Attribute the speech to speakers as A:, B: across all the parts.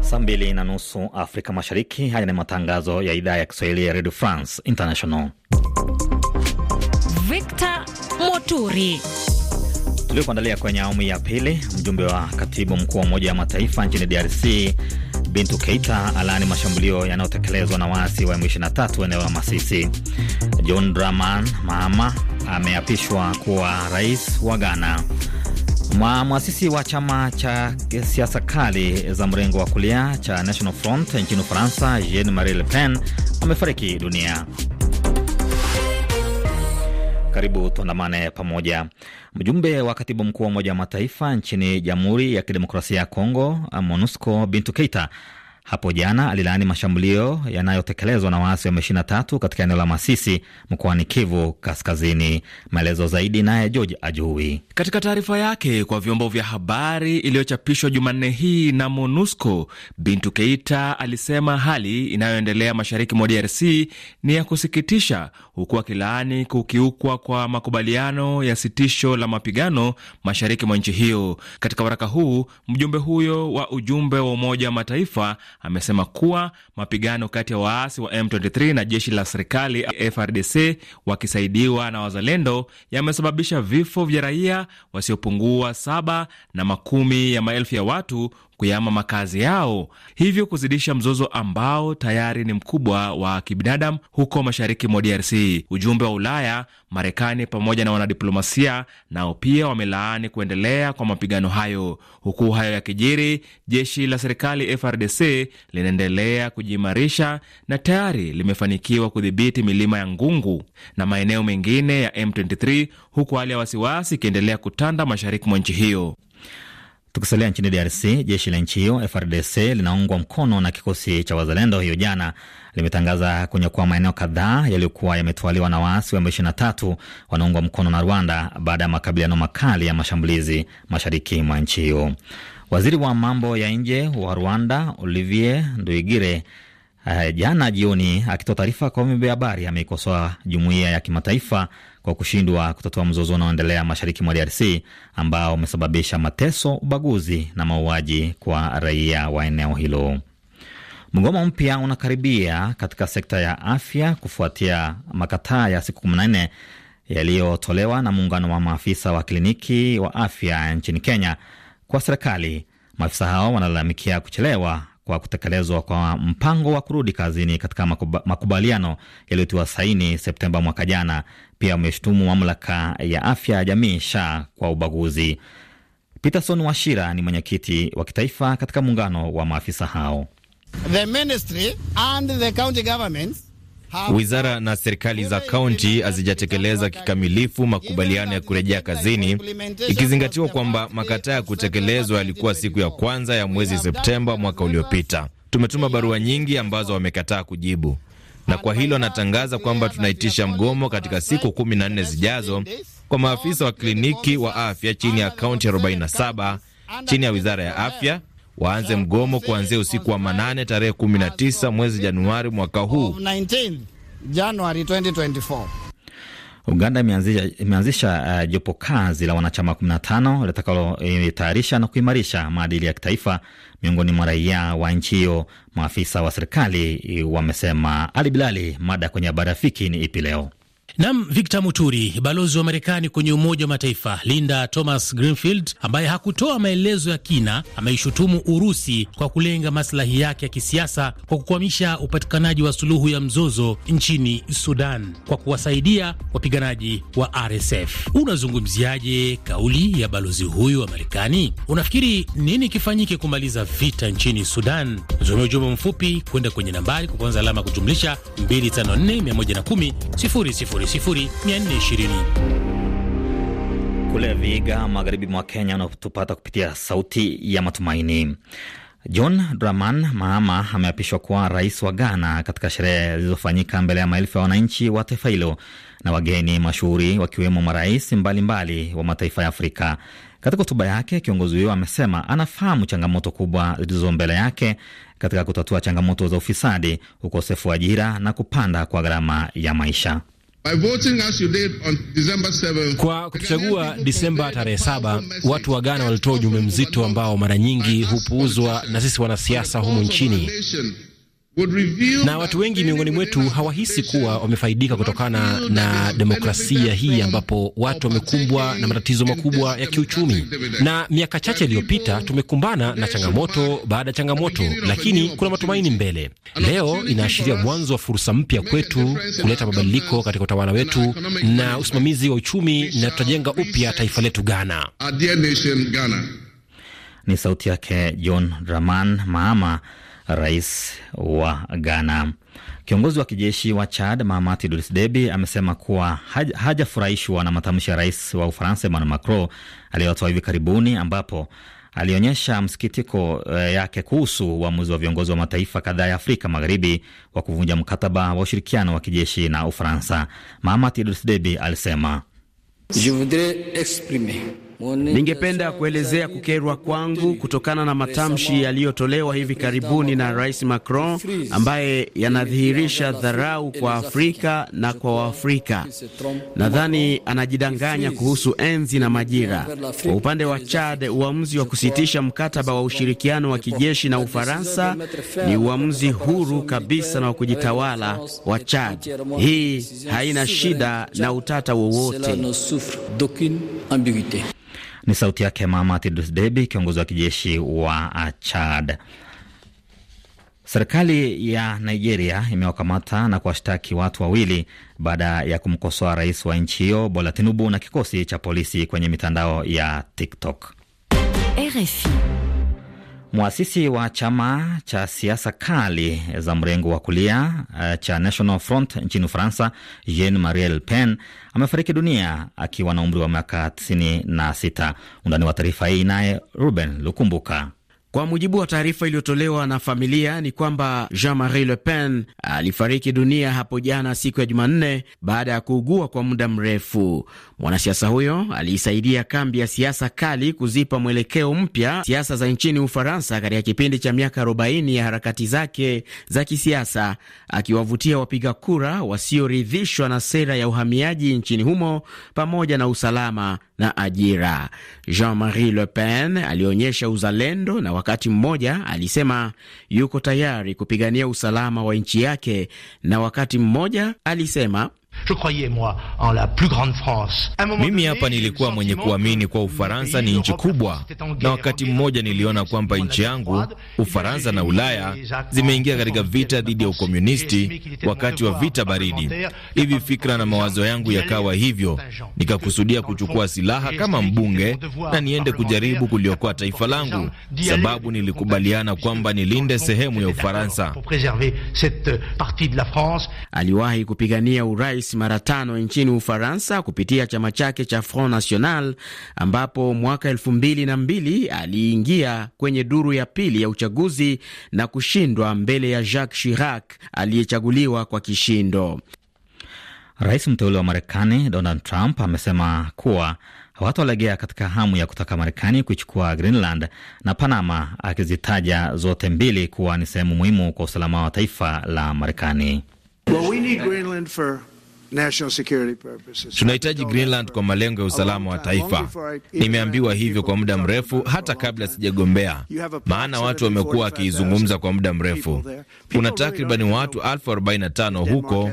A: Saa mbili na nusu Afrika Mashariki. Haya ni matangazo ya idhaa ya Kiswahili ya Redio France International.
B: Victor Moturi
A: tuliokuandalia kwenye awamu ya pili. Mjumbe wa katibu mkuu wa Umoja wa Mataifa nchini DRC Bintu Keita alaani mashambulio yanayotekelezwa na waasi wa M23 eneo la Masisi. John Draman Mahama ameapishwa kuwa rais wa Ghana. Mwasisi wa chama cha siasa kali za mrengo wa kulia cha National Front nchini Ufaransa, Jean Marie Le Pen amefariki dunia. Karibu tuandamane pamoja. Mjumbe wa katibu mkuu wa Umoja wa Mataifa nchini Jamhuri ya Kidemokrasia ya Kongo, MONUSCO, Bintu Keita hapo jana alilaani mashambulio yanayotekelezwa na waasi wa M23 katika eneo la Masisi mkoani Kivu Kaskazini. Maelezo zaidi naye George ajui
C: Katika taarifa yake kwa vyombo vya habari iliyochapishwa Jumanne hii na MONUSCO, Bintu Keita alisema hali inayoendelea mashariki mwa DRC ni ya kusikitisha, huku akilaani kukiukwa kwa makubaliano ya sitisho la mapigano mashariki mwa nchi hiyo. Katika waraka huu, mjumbe huyo wa ujumbe wa Umoja wa Mataifa amesema kuwa mapigano kati ya waasi wa M23 na jeshi la serikali FRDC wakisaidiwa na wazalendo yamesababisha vifo vya raia wasiopungua saba na makumi ya maelfu ya watu kuyama makazi yao, hivyo kuzidisha mzozo ambao tayari ni mkubwa wa kibinadamu huko mashariki mwa DRC. Ujumbe wa Ulaya, Marekani pamoja na wanadiplomasia nao pia wamelaani kuendelea kwa mapigano hayo. Huku hayo yakijiri, jeshi la serikali FRDC linaendelea kujiimarisha na tayari limefanikiwa kudhibiti milima ya Ngungu na maeneo mengine ya M23 huku hali ya wasiwasi
A: ikiendelea kutanda mashariki mwa nchi hiyo. Tukisalia nchini DRC, jeshi la nchi hiyo FRDC linaungwa mkono na kikosi cha wazalendo, hiyo jana limetangaza kunyakua maeneo kadhaa yaliyokuwa yametwaliwa na waasi wa M23 wanaungwa mkono na Rwanda baada ya makabiliano makali ya mashambulizi mashariki mwa nchi hiyo. Waziri wa mambo ya nje wa Rwanda Olivier Nduigire Uh, jana jioni akitoa taarifa kwa vyombo vya habari ameikosoa jumuiya ya kimataifa kwa kushindwa kutatua mzozo unaoendelea mashariki mwa DRC ambao umesababisha mateso, ubaguzi na mauaji kwa raia wa eneo hilo. Mgomo mpya unakaribia katika sekta ya afya kufuatia makataa ya siku 14 yaliyotolewa na muungano wa maafisa wa kliniki wa afya nchini Kenya kwa serikali. Maafisa hao wanalalamikia kuchelewa kwa kutekelezwa kwa mpango wa kurudi kazini katika makubaliano yaliyotiwa saini Septemba mwaka jana. Pia wameshutumu mamlaka ya afya ya jamii SHA kwa ubaguzi. Peterson Washira ni mwenyekiti wa kitaifa katika muungano wa maafisa hao.
D: The ministry and the county governments
B: Wizara na serikali za kaunti hazijatekeleza kikamilifu makubaliano ya kurejea kazini, ikizingatiwa kwamba makataa ya kutekelezwa yalikuwa siku ya kwanza ya mwezi Septemba mwaka uliopita. Tumetuma barua nyingi ambazo wamekataa kujibu, na kwa hilo anatangaza kwamba tunaitisha mgomo katika siku kumi na nne zijazo kwa maafisa wa kliniki wa afya chini ya kaunti 47 chini ya wizara ya afya waanze mgomo kuanzia usiku wa manane tarehe 19 mwezi Januari mwaka huu
D: 19, 2024.
A: Uganda imeanzisha uh, jopo kazi la wanachama 15 litakalotayarisha na kuimarisha maadili ya kitaifa miongoni mwa raia wa nchi hiyo, maafisa wa serikali eh, wamesema. Ali Bilali, mada kwenye habari rafiki ni ipi leo?
C: Nam Victor Muturi, balozi wa Marekani kwenye Umoja wa Mataifa Linda Thomas Greenfield, ambaye hakutoa maelezo ya kina, ameishutumu Urusi kwa kulenga maslahi yake ya kisiasa kwa kukwamisha upatikanaji wa suluhu ya mzozo nchini Sudan kwa kuwasaidia wapiganaji wa RSF. Unazungumziaje kauli ya balozi huyu wa Marekani? Unafikiri nini kifanyike kumaliza vita nchini Sudan? Zume ujumbe mfupi kwenda kwenye nambari kwa kwanza alama kujumlisha 254
A: 110 000 kule viga magharibi mwa Kenya, unatupata kupitia Sauti ya Matumaini. John Draman Mahama ameapishwa kuwa rais wa Ghana katika sherehe zilizofanyika mbele ya maelfu ya wananchi wa taifa hilo na wageni mashuhuri wakiwemo marais mbalimbali wa mataifa ya Afrika. Katika hotuba yake, kiongozi huyo amesema anafahamu changamoto kubwa zilizo mbele yake katika kutatua changamoto za ufisadi, ukosefu wa ajira na kupanda kwa gharama ya maisha
B: kwa kutuchagua Disemba tarehe saba, watu wa Ghana walitoa ujumbe mzito ambao mara nyingi hupuuzwa na sisi wanasiasa humu nchini na watu wengi miongoni mwetu hawahisi kuwa wamefaidika kutokana na demokrasia hii, ambapo watu wamekumbwa na matatizo makubwa ya kiuchumi. Na miaka chache iliyopita tumekumbana na changamoto baada ya changamoto, lakini kuna matumaini mbele. Leo inaashiria mwanzo wa fursa mpya kwetu kuleta mabadiliko katika utawala wetu na usimamizi wa uchumi, na tutajenga upya taifa
A: letu Ghana. Ni sauti yake John Dramani Mahama rais wa Ghana. Kiongozi wa kijeshi wa Chad Mahamat Idriss Deby amesema kuwa hajafurahishwa na matamshi ya rais wa Ufaransa Emmanuel Macron aliyotoa hivi karibuni, ambapo alionyesha msikitiko eh, yake kuhusu uamuzi wa viongozi wa mataifa kadhaa ya Afrika Magharibi wa kuvunja mkataba wa ushirikiano wa kijeshi na Ufaransa. Mahamat Idriss Deby alisema Je voudrais exprimer
D: Ningependa kuelezea kukerwa kwangu kutokana na matamshi
A: yaliyotolewa
D: hivi karibuni na Rais Macron ambaye yanadhihirisha dharau kwa Afrika na kwa Waafrika. Nadhani anajidanganya kuhusu enzi na majira. Kwa upande wa Chad, uamuzi wa kusitisha mkataba wa ushirikiano wa kijeshi na Ufaransa ni uamuzi huru kabisa na wa kujitawala wa Chad. Hii haina shida na utata wowote.
A: Ni sauti yake mamatidusdebi kiongozi wa kijeshi wa Chad. Serikali ya Nigeria imewakamata na kuwashtaki watu wawili baada ya kumkosoa rais wa nchi hiyo Bola Tinubu na kikosi cha polisi kwenye mitandao ya TikTok. RFI. Mwasisi wa chama cha siasa kali za mrengo wa kulia eh, cha National Front nchini Ufaransa, Jean Marie Le Pen amefariki dunia akiwa na umri wa miaka 96. Undani wa taarifa hii naye Ruben Lukumbuka. Kwa mujibu wa taarifa
D: iliyotolewa na familia ni kwamba Jean-Marie Le Pen alifariki dunia hapo jana siku ya Jumanne baada ya kuugua kwa muda mrefu. Mwanasiasa huyo aliisaidia kambi ya siasa kali kuzipa mwelekeo mpya siasa za nchini Ufaransa katika kipindi cha miaka 40 ya harakati zake za kisiasa, akiwavutia wapiga kura wasioridhishwa na sera ya uhamiaji nchini humo pamoja na usalama na ajira. Jean-Marie Le Pen alionyesha uzalendo na wakati mmoja alisema yuko tayari kupigania usalama wa nchi yake na wakati mmoja alisema mimi hapa nilikuwa mwenye
B: kuamini kuwa Ufaransa ni nchi kubwa, na wakati mmoja niliona kwamba nchi yangu Ufaransa na Ulaya zimeingia katika vita dhidi ya ukomunisti wakati wa vita baridi. Hivi fikra na mawazo yangu yakawa hivyo, nikakusudia kuchukua silaha kama mbunge na niende kujaribu kuliokoa taifa langu, sababu nilikubaliana kwamba
D: nilinde sehemu ya Ufaransa. Aliwahi kupigania urais rais mara tano nchini Ufaransa kupitia chama chake cha Front National, ambapo mwaka elfu mbili na mbili aliingia kwenye duru ya pili ya uchaguzi na kushindwa mbele ya Jacques Chirac aliyechaguliwa kwa kishindo.
A: Rais mteule wa Marekani Donald Trump amesema kuwa hawatolegea katika hamu ya kutaka Marekani kuichukua Greenland na Panama, akizitaja zote mbili kuwa ni sehemu muhimu kwa usalama wa taifa la Marekani.
D: Well, we Tunahitaji Greenland
A: kwa malengo ya usalama wa taifa.
B: Nimeambiwa hivyo kwa muda mrefu, hata kabla sijagombea, maana watu wamekuwa wakiizungumza kwa muda mrefu. Kuna takribani watu elfu 45 huko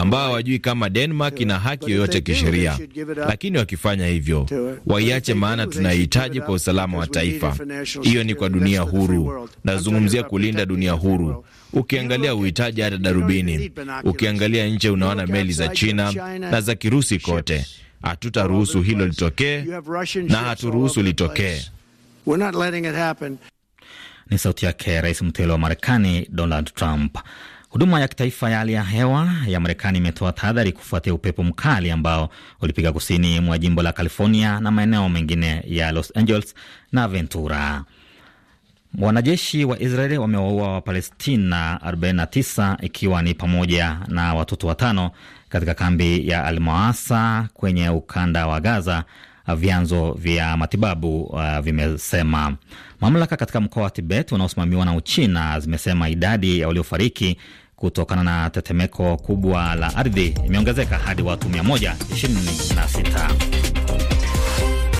B: ambao hawajui kama Denmark ina haki yoyote kisheria, lakini wakifanya hivyo waiache, maana tunahitaji kwa usalama wa taifa. Hiyo ni kwa dunia huru, nazungumzia kulinda dunia huru. Ukiangalia uhitaji hata darubini, ukiangalia nje unaona meli za China na za Kirusi kote. Hatutaruhusu hilo litokee
D: na haturuhusu litokee.
A: Ni sauti yake Rais mteule wa Marekani Donald Trump. Huduma ya kitaifa ya hali ya hewa ya Marekani imetoa tahadhari kufuatia upepo mkali ambao ulipiga kusini mwa jimbo la California na maeneo mengine ya Los Angeles na Ventura. Wanajeshi wa Israeli wamewaua Wapalestina 49 ikiwa ni pamoja na watoto watano katika kambi ya Almoasa kwenye ukanda wa Gaza, vyanzo vya matibabu uh, vimesema. Mamlaka katika mkoa wa Tibet unaosimamiwa na Uchina zimesema idadi ya waliofariki kutokana na tetemeko kubwa la ardhi imeongezeka hadi watu 126.